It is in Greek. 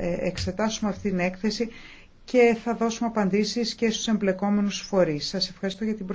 Ε, εξετάσουμε αυτή την έκθεση και θα δώσουμε απαντήσεις και στους εμπλεκόμενους φορείς. Σας ευχαριστώ για την προσοχή.